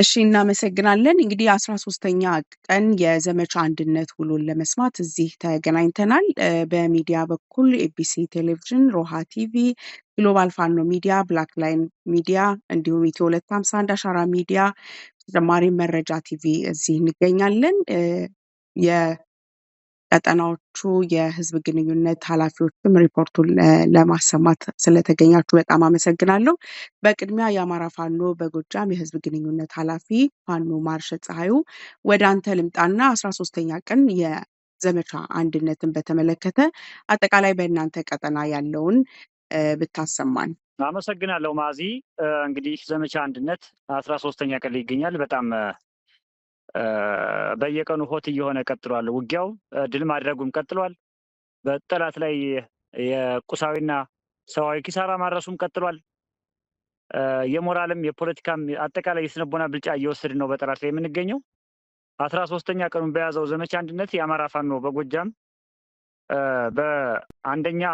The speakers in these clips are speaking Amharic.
እሺ እናመሰግናለን። እንግዲህ አስራ ሶስተኛ ቀን የዘመቻ አንድነት ውሎን ለመስማት እዚህ ተገናኝተናል። በሚዲያ በኩል ኤቢሲ ቴሌቪዥን፣ ሮሃ ቲቪ፣ ግሎባል ፋኖ ሚዲያ፣ ብላክ ላይን ሚዲያ እንዲሁም ኢትዮ ሁለት ሀምሳ አንድ አሻራ ሚዲያ ተጨማሪ መረጃ ቲቪ እዚህ እንገኛለን። ቀጠናዎቹ የህዝብ ግንኙነት ኃላፊዎችም ሪፖርቱን ለማሰማት ስለተገኛችሁ በጣም አመሰግናለሁ። በቅድሚያ የአማራ ፋኖ በጎጃም የህዝብ ግንኙነት ኃላፊ ፋኖ ማርሸ ፀሐዩ ወደ አንተ ልምጣና አስራ ሶስተኛ ቀን የዘመቻ አንድነትን በተመለከተ አጠቃላይ በእናንተ ቀጠና ያለውን ብታሰማን። አመሰግናለሁ ማዚ። እንግዲህ ዘመቻ አንድነት አስራ ሶስተኛ ቀን ላይ ይገኛል። በጣም በየቀኑ ሆት እየሆነ ቀጥሏል። ውጊያው ድል ማድረጉም ቀጥሏል። በጠላት ላይ የቁሳዊና ሰብአዊ ኪሳራ ማድረሱም ቀጥሏል። የሞራልም የፖለቲካም አጠቃላይ የስነቦና ብልጫ እየወሰድን ነው በጠላት ላይ የምንገኘው። አስራ ሶስተኛ ቀኑን በያዘው ዘመቻ አንድነት የአማራ ፋኖ በጎጃም በአንደኛ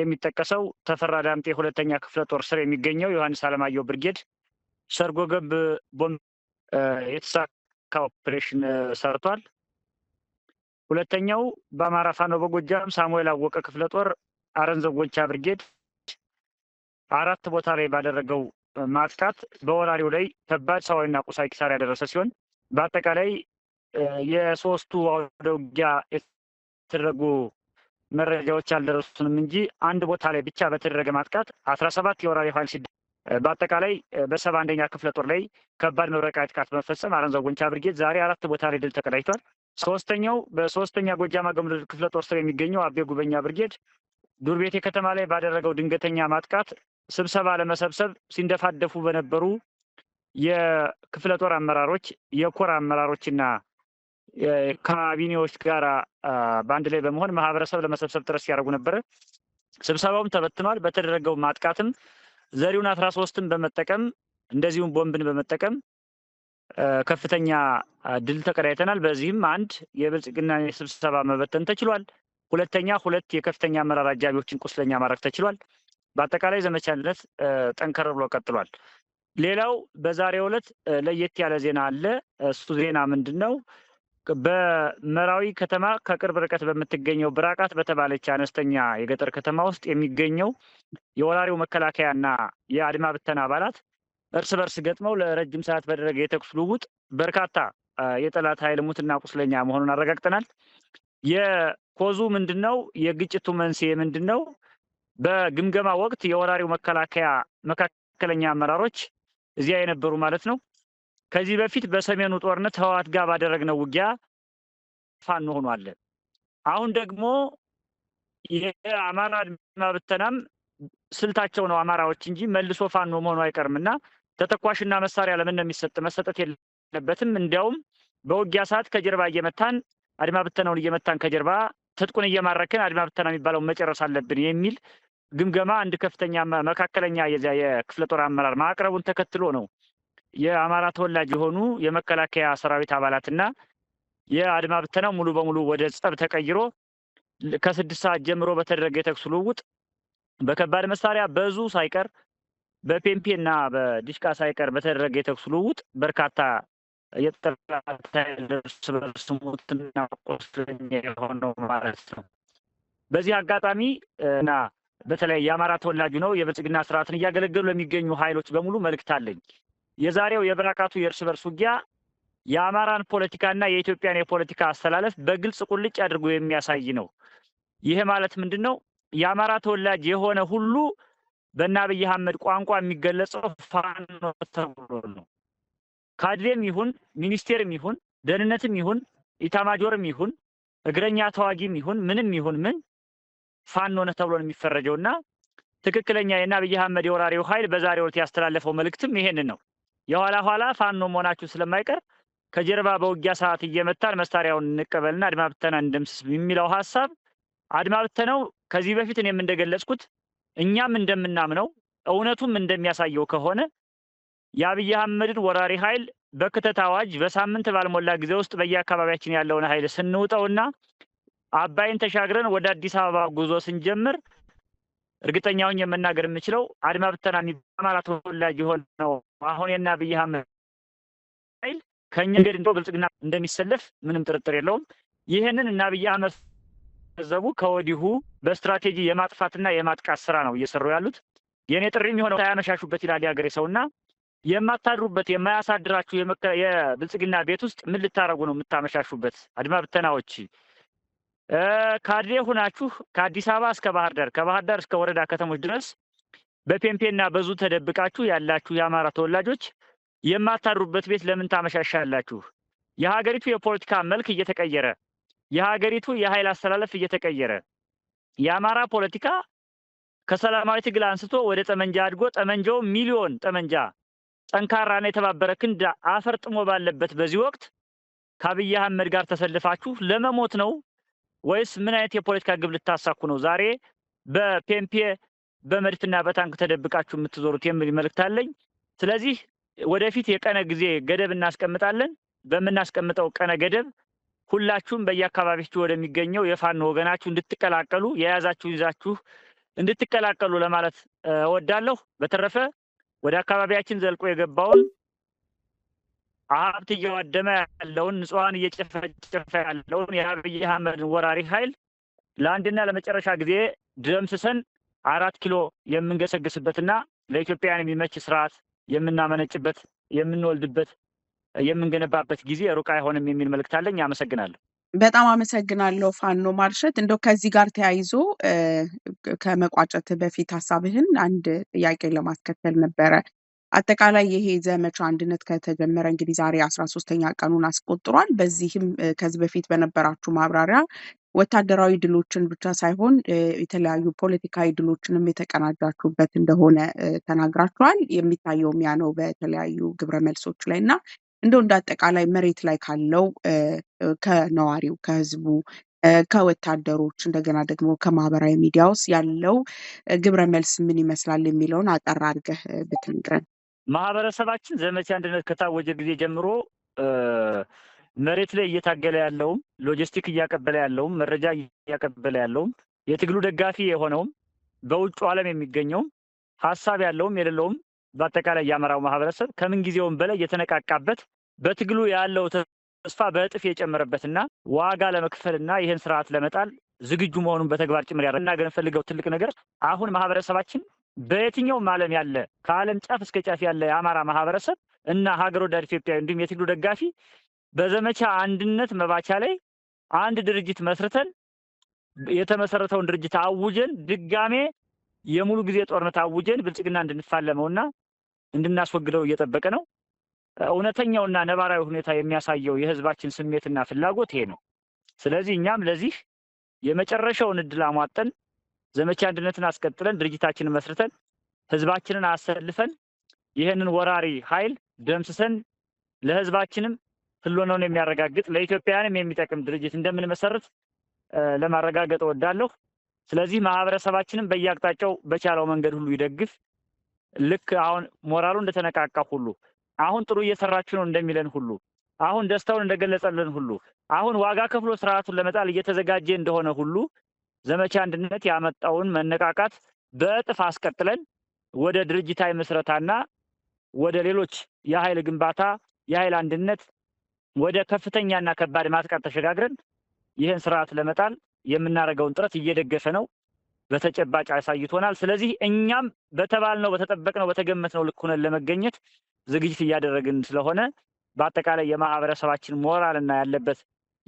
የሚጠቀሰው ተፈራ ዳምጤ ሁለተኛ ክፍለ ጦር ስር የሚገኘው ዮሐንስ አለማየሁ ብርጌድ ሰርጎ ገብ ቦምብ ኦፕሬሽን ሰርቷል። ሁለተኛው በአማራ ፋኖ በጎጃም ሳሙኤል አወቀ ክፍለ ጦር አረንዘጎቻ ብርጌድ አራት ቦታ ላይ ባደረገው ማጥቃት በወራሪው ላይ ከባድ ሰዋዊና ቁሳዊ ኪሳራ ያደረሰ ሲሆን በአጠቃላይ የሶስቱ አውደ ውጊያ የተደረጉ መረጃዎች አልደረሱንም እንጂ አንድ ቦታ ላይ ብቻ በተደረገ ማጥቃት አስራ ሰባት የወራሪ ኃይል በአጠቃላይ በሰባ አንደኛ ክፍለ ጦር ላይ ከባድ መብረቃዊ ጥቃት በመፈጸም አረንዛው ጎንቻ ብርጌድ ዛሬ አራት ቦታ ላይ ድል ተቀዳጅቷል። ሶስተኛው በሶስተኛ ጎጃም አገምድር ክፍለ ጦር ስር የሚገኘው አቤ ጉበኛ ብርጌድ ዱርቤቴ ከተማ ላይ ባደረገው ድንገተኛ ማጥቃት ስብሰባ ለመሰብሰብ ሲንደፋደፉ በነበሩ የክፍለ ጦር አመራሮች፣ የኮር አመራሮችና ካቢኔዎች ጋር በአንድ ላይ በመሆን ማህበረሰብ ለመሰብሰብ ጥረት ሲያደርጉ ነበረ። ስብሰባውም ተበትኗል። በተደረገው ማጥቃትም ዘሪውን 13ን በመጠቀም እንደዚሁም ቦምብን በመጠቀም ከፍተኛ ድል ተቀዳይተናል። በዚህም አንድ የብልጽግና ስብሰባ መበተን ተችሏል። ሁለተኛ ሁለት የከፍተኛ አመራር አጃቢዎችን ቁስለኛ ማድረግ ተችሏል። በአጠቃላይ ዘመቻነት ጠንከር ብሎ ቀጥሏል። ሌላው በዛሬው ዕለት ለየት ያለ ዜና አለ። እሱ ዜና ምንድን ነው? በመራዊ ከተማ ከቅርብ ርቀት በምትገኘው ብራቃት በተባለች አነስተኛ የገጠር ከተማ ውስጥ የሚገኘው የወራሪው መከላከያና የአድማ ብተና አባላት እርስ በርስ ገጥመው ለረጅም ሰዓት በደረገ የተኩስ ልውውጥ በርካታ የጠላት ኃይል ሙትና ቁስለኛ መሆኑን አረጋግጠናል። የኮዙ ምንድን ነው? የግጭቱ መንስኤ ምንድን ነው? በግምገማ ወቅት የወራሪው መከላከያ መካከለኛ አመራሮች እዚያ የነበሩ ማለት ነው ከዚህ በፊት በሰሜኑ ጦርነት ህወሓት ጋር ባደረግነው ውጊያ ፋኖ ሆኗለ አሁን ደግሞ የአማራ አድማ ብተናም ስልታቸው ነው አማራዎች እንጂ መልሶ ፋኖ መሆኑ አይቀርም እና ተተኳሽና መሳሪያ ለምን ነው የሚሰጥ? መሰጠት የለበትም። እንዲያውም በውጊያ ሰዓት ከጀርባ እየመታን አድማ ብተናውን እየመታን ከጀርባ ትጥቁን እየማረክን አድማ ብተና የሚባለውን መጨረስ አለብን የሚል ግምገማ አንድ ከፍተኛ መካከለኛ የዚያ የክፍለ ጦር አመራር ማቅረቡን ተከትሎ ነው የአማራ ተወላጅ የሆኑ የመከላከያ ሰራዊት አባላትና የአድማ ብተናው ሙሉ በሙሉ ወደ ጸብ ተቀይሮ ከስድስት ሰዓት ጀምሮ በተደረገ የተኩስ ልውውጥ በከባድ መሳሪያ በዙ ሳይቀር በፔምፔ እና በዲሽቃ ሳይቀር በተደረገ የተኩስ ልውውጥ በርካታ የጠላት በርስ ሙትና ቁስለኛ የሆነው ማለት ነው። በዚህ አጋጣሚ እና በተለይ የአማራ ተወላጁ ነው የብልጽግና ስርዓትን እያገለገሉ ለሚገኙ ኃይሎች በሙሉ መልእክት አለኝ። የዛሬው የብራካቱ የእርስ በርስ ውጊያ የአማራን ፖለቲካና የኢትዮጵያን የፖለቲካ አስተላለፍ በግልጽ ቁልጭ አድርጎ የሚያሳይ ነው። ይሄ ማለት ምንድን ነው? የአማራ ተወላጅ የሆነ ሁሉ በእነ አብይ አህመድ ቋንቋ የሚገለጸው ፋኖ ተብሎ ነው። ካድሬም ይሁን ሚኒስቴርም ይሁን ደህንነትም ይሁን ኢታማጆርም ይሁን እግረኛ ተዋጊም ይሁን ምንም ይሁን ምን ፋኖ ነህ ተብሎ ነው የሚፈረጀው እና ትክክለኛ የእነ አብይ አህመድ የወራሪው ኃይል በዛሬው ዕለት ያስተላለፈው መልእክትም ይሄንን ነው። የኋላ ኋላ ፋኖ መሆናችሁ ስለማይቀር ከጀርባ በውጊያ ሰዓት እየመታን መሳሪያውን እንቀበልና አድማ ብተና እንደምስስ የሚለው ሀሳብ አድማ ብተናው ከዚህ በፊት እኔም እንደገለጽኩት እኛም እንደምናምነው እውነቱም እንደሚያሳየው ከሆነ የአብይ አህመድን ወራሪ ኃይል በክተት አዋጅ በሳምንት ባልሞላ ጊዜ ውስጥ በየአካባቢያችን ያለውን ኃይል ስንውጠውና አባይን ተሻግረን ወደ አዲስ አበባ ጉዞ ስንጀምር እርግጠኛውን የመናገር የምችለው አድማ ብተና አማራ ተወላጅ የሆነው አሁን የአብይ አህመድ ኃይል ከእኛ ገድ እንደው ብልጽግና እንደሚሰለፍ ምንም ጥርጥር የለውም። ይህንን እና አብይ አህመድ ዘቡ ከወዲሁ በስትራቴጂ የማጥፋትና የማጥቃት ስራ ነው እየሰሩ ያሉት። የእኔ ጥሪ የሚሆነው ሳያመሻሹበት ይላል የሀገሬ ሰውና የማታድሩበት የማያሳድራችሁ የብልጽግና ቤት ውስጥ ምን ልታደርጉ ነው የምታመሻሹበት? አድማ ብተናዎች ካድሬ ሁናችሁ ከአዲስ አበባ እስከ ባህር ዳር ከባህር ዳር እስከ ወረዳ ከተሞች ድረስ በፔምፔና በዙ ተደብቃችሁ ያላችሁ የአማራ ተወላጆች የማታድሩበት ቤት ለምን ታመሻሻላችሁ? የሀገሪቱ የፖለቲካ መልክ እየተቀየረ፣ የሀገሪቱ የኃይል አስተላለፍ እየተቀየረ፣ የአማራ ፖለቲካ ከሰላማዊ ትግል አንስቶ ወደ ጠመንጃ አድጎ ጠመንጃው ሚሊዮን ጠመንጃ ጠንካራና የተባበረ ክንድ አፈርጥሞ ባለበት በዚህ ወቅት ከአብይ አህመድ ጋር ተሰልፋችሁ ለመሞት ነው ወይስ ምን አይነት የፖለቲካ ግብ ልታሳኩ ነው? ዛሬ በፔምፔ በመድፍና በታንክ ተደብቃችሁ የምትዞሩት የሚል መልእክት አለኝ። ስለዚህ ወደፊት የቀነ ጊዜ ገደብ እናስቀምጣለን። በምናስቀምጠው ቀነ ገደብ ሁላችሁም በየአካባቢያችሁ ወደሚገኘው የፋኖ ወገናችሁ እንድትቀላቀሉ የያዛችሁ ይዛችሁ እንድትቀላቀሉ ለማለት እወዳለሁ። በተረፈ ወደ አካባቢያችን ዘልቆ የገባውን ሀብት እያዋደመ ያለውን ንጹሐን እየጨፈጨፈ ያለውን የአብይ አህመድን ወራሪ ኃይል ለአንድና ለመጨረሻ ጊዜ ደምስሰን አራት ኪሎ የምንገሰግስበትና ለኢትዮጵያውያን የሚመች ስርዓት የምናመነጭበት የምንወልድበት የምንገነባበት ጊዜ ሩቅ አይሆንም የሚል መልእክት አለኝ። አመሰግናለሁ። በጣም አመሰግናለሁ ፋኖ ማርሸት። እንደው ከዚህ ጋር ተያይዞ ከመቋጨት በፊት ሀሳብህን አንድ ጥያቄ ለማስከተል ነበረ። አጠቃላይ ይሄ ዘመቻ አንድነት ከተጀመረ እንግዲህ ዛሬ አስራ ሶስተኛ ቀኑን አስቆጥሯል። በዚህም ከዚህ በፊት በነበራችሁ ማብራሪያ ወታደራዊ ድሎችን ብቻ ሳይሆን የተለያዩ ፖለቲካዊ ድሎችንም የተቀናጃችሁበት እንደሆነ ተናግራችኋል። የሚታየውም ያ ነው በተለያዩ ግብረ መልሶች ላይ እና እንደው እንደ አጠቃላይ መሬት ላይ ካለው ከነዋሪው ከህዝቡ ከወታደሮች እንደገና ደግሞ ከማህበራዊ ሚዲያ ውስጥ ያለው ግብረ መልስ ምን ይመስላል የሚለውን አጠር አድርገህ ብትነግረን። ማህበረሰባችን ዘመቻ አንድነት ከታወጀ ጊዜ ጀምሮ መሬት ላይ እየታገለ ያለውም ሎጂስቲክ እያቀበለ ያለውም መረጃ እያቀበለ ያለውም የትግሉ ደጋፊ የሆነውም በውጭ ዓለም የሚገኘውም ሀሳብ ያለውም የሌለውም በአጠቃላይ የአማራው ማህበረሰብ ከምንጊዜውም በላይ የተነቃቃበት በትግሉ ያለው ተስፋ በእጥፍ የጨመረበትና ዋጋ ለመክፈልና ይህን ስርዓት ለመጣል ዝግጁ መሆኑን በተግባር ጭምር ያ እና ፈልገው ትልቅ ነገር አሁን ማህበረሰባችን በየትኛውም ዓለም ያለ ከዓለም ጫፍ እስከ ጫፍ ያለ የአማራ ማህበረሰብ እና ሀገር ወዳድ ኢትዮጵያዊ እንዲሁም የትግሉ ደጋፊ በዘመቻ አንድነት መባቻ ላይ አንድ ድርጅት መስርተን የተመሰረተውን ድርጅት አውጀን ድጋሜ የሙሉ ጊዜ ጦርነት አውጀን ብልጽግና እንድንፋለመውና እንድናስወግደው እየጠበቀ ነው። እውነተኛውና ነባራዊ ሁኔታ የሚያሳየው የህዝባችን ስሜትና ፍላጎት ይሄ ነው። ስለዚህ እኛም ለዚህ የመጨረሻውን እድል አሟጠን ዘመቻ አንድነትን አስቀጥለን ድርጅታችንን መስርተን ህዝባችንን አሰልፈን ይህንን ወራሪ ኃይል ደምስሰን ለህዝባችንም ህልውናውን የሚያረጋግጥ ለኢትዮጵያውያንም የሚጠቅም ድርጅት እንደምንመሰርት ለማረጋገጥ እወዳለሁ። ስለዚህ ማህበረሰባችንም በየአቅጣጫው በቻለው መንገድ ሁሉ ይደግፍ። ልክ አሁን ሞራሉ እንደተነቃቃ ሁሉ አሁን ጥሩ እየሰራችሁ ነው እንደሚለን ሁሉ አሁን ደስታውን እንደገለጸልን ሁሉ አሁን ዋጋ ከፍሎ ስርዓቱን ለመጣል እየተዘጋጀ እንደሆነ ሁሉ ዘመቻ አንድነት ያመጣውን መነቃቃት በእጥፍ አስቀጥለን ወደ ድርጅታዊ ምስረታና ወደ ሌሎች የኃይል ግንባታ የኃይል አንድነት ወደ ከፍተኛና ከባድ ማጥቃት ተሸጋግረን ይህን ስርዓት ለመጣል የምናደርገውን ጥረት እየደገፈ ነው፣ በተጨባጭ አሳይቶናል። ስለዚህ እኛም በተባልነው በተጠበቅነው በተገመትነው ልክ ሆነን ለመገኘት ዝግጅት እያደረግን ስለሆነ በአጠቃላይ የማህበረሰባችን ሞራልና ያለበት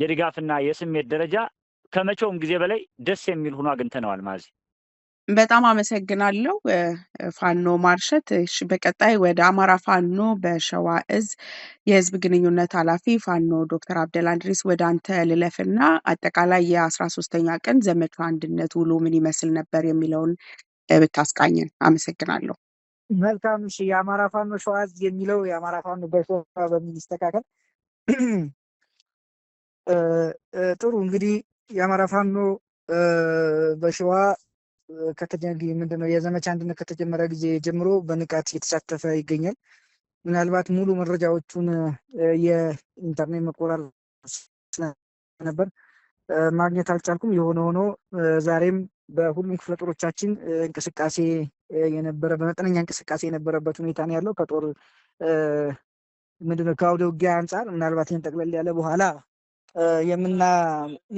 የድጋፍና የስሜት ደረጃ ከመቼውም ጊዜ በላይ ደስ የሚል ሆኖ አግኝተነዋል ማለት በጣም አመሰግናለሁ። ፋኖ ማርሸት በቀጣይ ወደ አማራ ፋኖ በሸዋ እዝ የህዝብ ግንኙነት ኃላፊ ፋኖ ዶክተር አብደል አንድሪስ ወደ አንተ ልለፍና አጠቃላይ የአስራ ሶስተኛ ቀን ዘመቻ አንድነት ውሎ ምን ይመስል ነበር የሚለውን ብታስቃኝን አመሰግናለሁ። መልካም። እሺ የአማራ ፋኖ ሸዋ እዝ የሚለው የአማራ ፋኖ በሸዋ በሚል ይስተካከል። ጥሩ እንግዲህ የአማራ ፋኖ በሸዋ ምንድነው የዘመቻ አንድነት ከተጀመረ ጊዜ ጀምሮ በንቃት እየተሳተፈ ይገኛል። ምናልባት ሙሉ መረጃዎቹን የኢንተርኔት መቆራረጥ ነበር ማግኘት አልቻልኩም። የሆነ ሆኖ ዛሬም በሁሉም ክፍለ ጦሮቻችን እንቅስቃሴ የነበረ በመጠነኛ እንቅስቃሴ የነበረበት ሁኔታ ነው ያለው። ከጦር ምንድነው ከአውደ ውጊያ አንጻር ምናልባት ይህን ጠቅለል ያለ በኋላ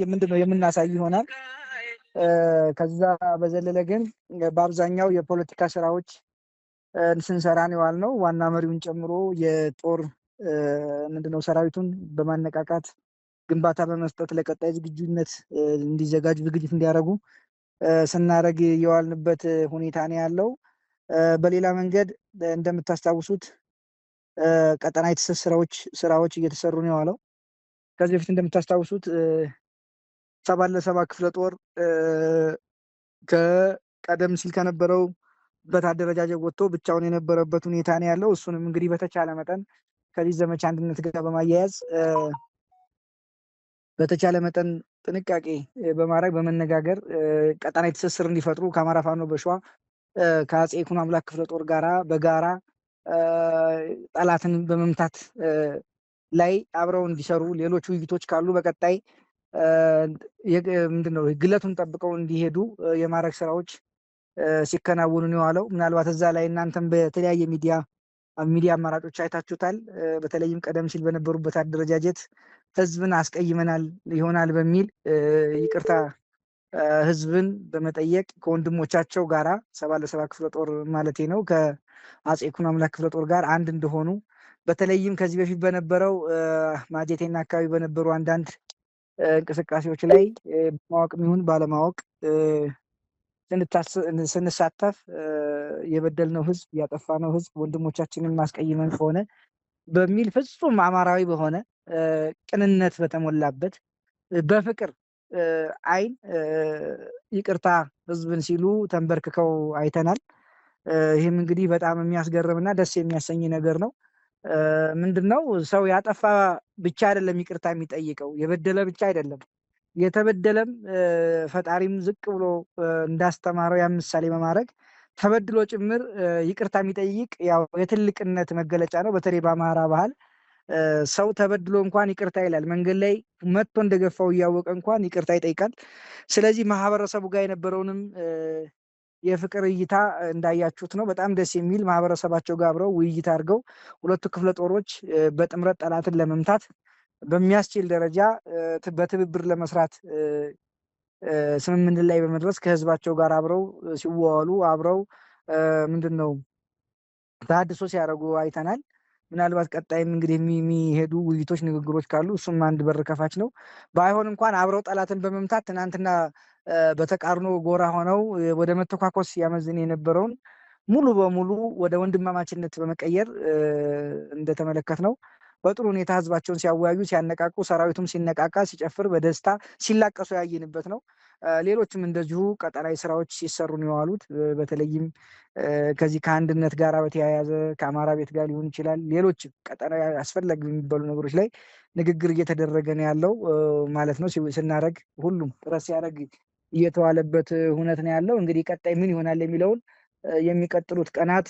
የምንድነው የምናሳይ ይሆናል። ከዛ በዘለለ ግን በአብዛኛው የፖለቲካ ስራዎች ስንሰራን የዋል ነው። ዋና መሪውን ጨምሮ የጦር ምንድነው ሰራዊቱን በማነቃቃት ግንባታ በመስጠት ለቀጣይ ዝግጁነት እንዲዘጋጅ ዝግጅት እንዲያደርጉ ስናደርግ የዋልንበት ሁኔታ ነው ያለው። በሌላ መንገድ እንደምታስታውሱት ቀጠና የትስስር ስራዎች እየተሰሩ ነው የዋለው። ከዚህ በፊት እንደምታስታውሱት ሰባ ለሰባ ክፍለ ጦር ከቀደም ሲል ከነበረው በት አደረጃጀት ወጥቶ ብቻውን የነበረበት ሁኔታ ነው ያለው። እሱንም እንግዲህ በተቻለ መጠን ከዚህ ዘመቻ አንድነት ጋር በማያያዝ በተቻለ መጠን ጥንቃቄ በማድረግ በመነጋገር ቀጠና ትስስር እንዲፈጥሩ ከአማራ ፋኖ በሸዋ ከአጼ ይኩኖ አምላክ ክፍለ ጦር ጋራ በጋራ ጠላትን በመምታት ላይ አብረው እንዲሰሩ ሌሎች ውይይቶች ካሉ በቀጣይ ምንድነው ግለቱን ጠብቀው እንዲሄዱ የማድረግ ስራዎች ሲከናወኑ ነው የዋለው። ምናልባት እዛ ላይ እናንተም በተለያየ ሚዲያ ሚዲያ አማራጮች አይታችሁታል። በተለይም ቀደም ሲል በነበሩበት አደረጃጀት ህዝብን አስቀይመናል ይሆናል በሚል ይቅርታ ህዝብን በመጠየቅ ከወንድሞቻቸው ጋራ ሰባ ለሰባ ክፍለ ጦር ማለት ነው ከአጼ ይኩኖ አምላክ ክፍለ ጦር ጋር አንድ እንደሆኑ በተለይም ከዚህ በፊት በነበረው ማጀቴና አካባቢ በነበሩ አንዳንድ እንቅስቃሴዎች ላይ በማወቅም ይሁን ባለማወቅ ስንሳተፍ የበደልነው ህዝብ ያጠፋነው ህዝብ ወንድሞቻችንን ማስቀይመን ከሆነ በሚል ፍጹም አማራዊ በሆነ ቅንነት በተሞላበት በፍቅር አይን ይቅርታ ህዝብን ሲሉ ተንበርክከው አይተናል። ይህም እንግዲህ በጣም የሚያስገርምና ደስ የሚያሰኝ ነገር ነው። ምንድን ነው ሰው ያጠፋ ብቻ አይደለም ይቅርታ የሚጠይቀው የበደለ ብቻ አይደለም የተበደለም ፈጣሪም ዝቅ ብሎ እንዳስተማረው ያ ምሳሌ በማድረግ ተበድሎ ጭምር ይቅርታ የሚጠይቅ ያው የትልቅነት መገለጫ ነው። በተለይ በአማራ ባህል ሰው ተበድሎ እንኳን ይቅርታ ይላል። መንገድ ላይ መጥቶ እንደገፋው እያወቀ እንኳን ይቅርታ ይጠይቃል። ስለዚህ ማህበረሰቡ ጋር የነበረውንም የፍቅር እይታ እንዳያችሁት ነው። በጣም ደስ የሚል ማህበረሰባቸው ጋር አብረው ውይይት አድርገው ሁለቱ ክፍለ ጦሮች በጥምረት ጠላትን ለመምታት በሚያስችል ደረጃ በትብብር ለመስራት ስምምነት ላይ በመድረስ ከህዝባቸው ጋር አብረው ሲዋዋሉ አብረው ምንድን ነው ተሃድሶ ሲያደርጉ አይተናል። ምናልባት ቀጣይም እንግዲህ የሚሄዱ ውይይቶች፣ ንግግሮች ካሉ እሱም አንድ በር ከፋች ነው። ባይሆን እንኳን አብረው ጠላትን በመምታት ትናንትና በተቃርኖ ጎራ ሆነው ወደ መተኳኮስ ያመዝን የነበረውን ሙሉ በሙሉ ወደ ወንድማማችነት በመቀየር እንደተመለከት ነው። በጥሩ ሁኔታ ህዝባቸውን ሲያወያዩ፣ ሲያነቃቁ፣ ሰራዊቱም ሲነቃቃ፣ ሲጨፍር፣ በደስታ ሲላቀሱ ያየንበት ነው። ሌሎችም እንደዚሁ ቀጠናዊ ስራዎች ሲሰሩ ነው የዋሉት። በተለይም ከዚህ ከአንድነት ጋር በተያያዘ ከአማራ ቤት ጋር ሊሆን ይችላል። ሌሎች ቀጠናዊ አስፈላጊ የሚባሉ ነገሮች ላይ ንግግር እየተደረገ ነው ያለው ማለት ነው። ስናደርግ ሁሉም ጥረት ሲያደረግ እየተዋለበት ሁነት ነው ያለው። እንግዲህ ቀጣይ ምን ይሆናል የሚለውን የሚቀጥሉት ቀናት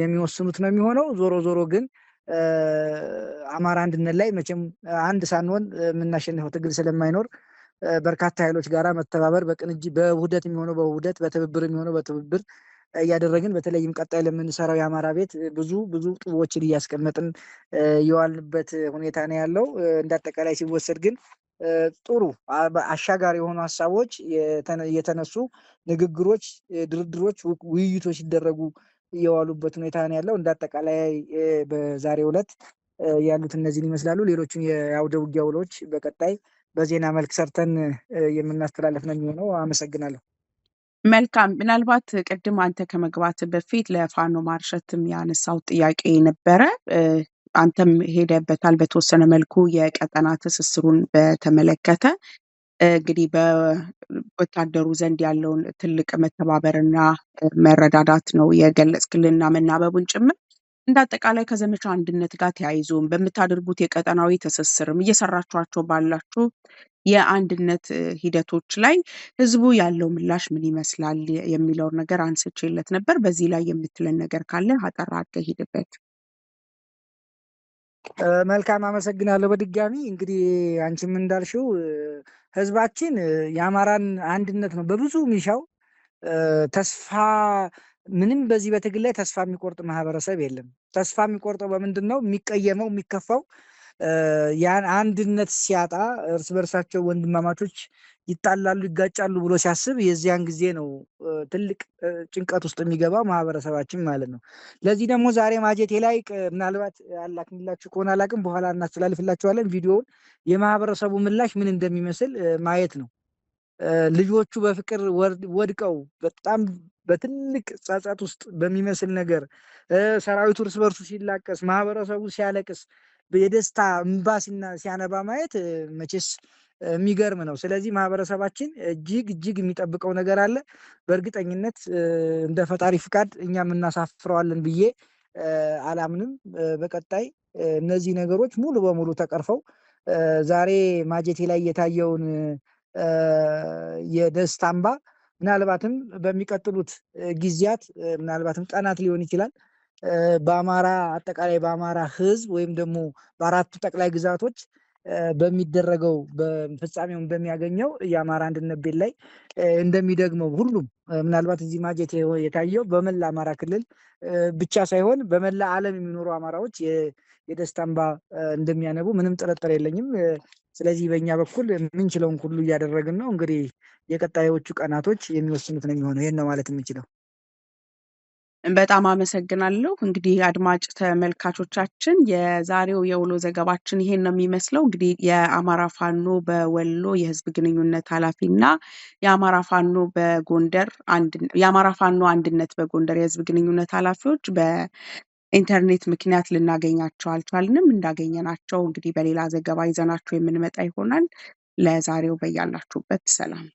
የሚወስኑት ነው የሚሆነው። ዞሮ ዞሮ ግን አማራ አንድነት ላይ መቼም አንድ ሳንሆን የምናሸንፈው ትግል ስለማይኖር በርካታ ኃይሎች ጋራ መተባበር በቅንጅ በውህደት የሚሆነው በውህደት በትብብር የሚሆነው በትብብር እያደረግን በተለይም ቀጣይ ለምንሰራው የአማራ ቤት ብዙ ብዙ ጡቦችን እያስቀመጥን የዋልንበት ሁኔታ ነው ያለው። እንዳጠቃላይ ሲወሰድ ግን ጥሩ አሻጋሪ የሆኑ ሀሳቦች የተነሱ ንግግሮች፣ ድርድሮች፣ ውይይቶች ሲደረጉ እየዋሉበት ሁኔታ ነው ያለው። እንደ አጠቃላይ በዛሬ ዕለት ያሉት እነዚህን ይመስላሉ። ሌሎቹን የአውደ ውጊያ ውሎች በቀጣይ በዜና መልክ ሰርተን የምናስተላለፍ ነው የሚሆነው። አመሰግናለሁ። መልካም። ምናልባት ቅድም አንተ ከመግባት በፊት ለፋኖ ማርሸትም ያነሳው ጥያቄ ነበረ። አንተም ሄደበታል በተወሰነ መልኩ የቀጠና ትስስሩን በተመለከተ እንግዲህ በወታደሩ ዘንድ ያለውን ትልቅ መተባበርና መረዳዳት ነው የገለጽክልና መናበቡን ጭምር እንደ አጠቃላይ ከዘመቻ አንድነት ጋር ተያይዞም በምታደርጉት የቀጠናዊ ትስስርም እየሰራችኋቸው ባላችሁ የአንድነት ሂደቶች ላይ ህዝቡ ያለው ምላሽ ምን ይመስላል የሚለውን ነገር አንስቼለት ነበር። በዚህ ላይ የምትለን ነገር ካለ አጠራ አድርገህ ሂድበት። መልካም አመሰግናለሁ። በድጋሚ እንግዲህ አንቺም እንዳልሽው ህዝባችን የአማራን አንድነት ነው በብዙ ሚሻው ተስፋ ምንም በዚህ በትግል ላይ ተስፋ የሚቆርጥ ማህበረሰብ የለም። ተስፋ የሚቆርጠው በምንድን ነው? የሚቀየመው፣ የሚከፋው ያን አንድነት ሲያጣ እርስ በርሳቸው ወንድማማቾች ይጣላሉ፣ ይጋጫሉ ብሎ ሲያስብ የዚያን ጊዜ ነው ትልቅ ጭንቀት ውስጥ የሚገባው ማህበረሰባችን ማለት ነው። ለዚህ ደግሞ ዛሬ ማጀቴ ላይ ምናልባት አላክንላችሁ ከሆነ አላቅም፣ በኋላ እናስተላልፍላችኋለን ቪዲዮውን የማህበረሰቡ ምላሽ ምን እንደሚመስል ማየት ነው። ልጆቹ በፍቅር ወድቀው በጣም በትልቅ ጸጸት ውስጥ በሚመስል ነገር ሰራዊቱ እርስ በርሱ ሲላቀስ፣ ማህበረሰቡ ሲያለቅስ የደስታ እንባ ሲያነባ ማየት መቼስ የሚገርም ነው። ስለዚህ ማህበረሰባችን እጅግ እጅግ የሚጠብቀው ነገር አለ። በእርግጠኝነት እንደ ፈጣሪ ፍቃድ እኛም እናሳፍረዋለን ብዬ አላምንም። በቀጣይ እነዚህ ነገሮች ሙሉ በሙሉ ተቀርፈው ዛሬ ማጀቴ ላይ የታየውን የደስታ እንባ ምናልባትም በሚቀጥሉት ጊዜያት ምናልባትም ቀናት ሊሆን ይችላል በአማራ አጠቃላይ በአማራ ህዝብ ወይም ደግሞ በአራቱ ጠቅላይ ግዛቶች በሚደረገው ፍጻሜውን በሚያገኘው የአማራ አንድነት ቤት ላይ እንደሚደግመው ሁሉም ምናልባት እዚህ ማጀት የታየው በመላ አማራ ክልል ብቻ ሳይሆን በመላ ዓለም የሚኖሩ አማራዎች የደስታ እንባ እንደሚያነቡ ምንም ጥርጥር የለኝም። ስለዚህ በእኛ በኩል የምንችለውን ሁሉ እያደረግን ነው። እንግዲህ የቀጣዮቹ ቀናቶች የሚወስኑት ነው የሚሆነው። ይህን ነው ማለት የምንችለው። በጣም አመሰግናለሁ። እንግዲህ አድማጭ ተመልካቾቻችን የዛሬው የውሎ ዘገባችን ይሄን ነው የሚመስለው። እንግዲህ የአማራ ፋኖ በወሎ የህዝብ ግንኙነት ኃላፊ እና የአማራ ፋኖ በጎንደር የአማራ ፋኖ አንድነት በጎንደር የህዝብ ግንኙነት ኃላፊዎች በኢንተርኔት ምክንያት ልናገኛቸው አልቻልንም። እንዳገኘናቸው እንግዲህ በሌላ ዘገባ ይዘናቸው የምንመጣ ይሆናል። ለዛሬው በያላችሁበት ሰላም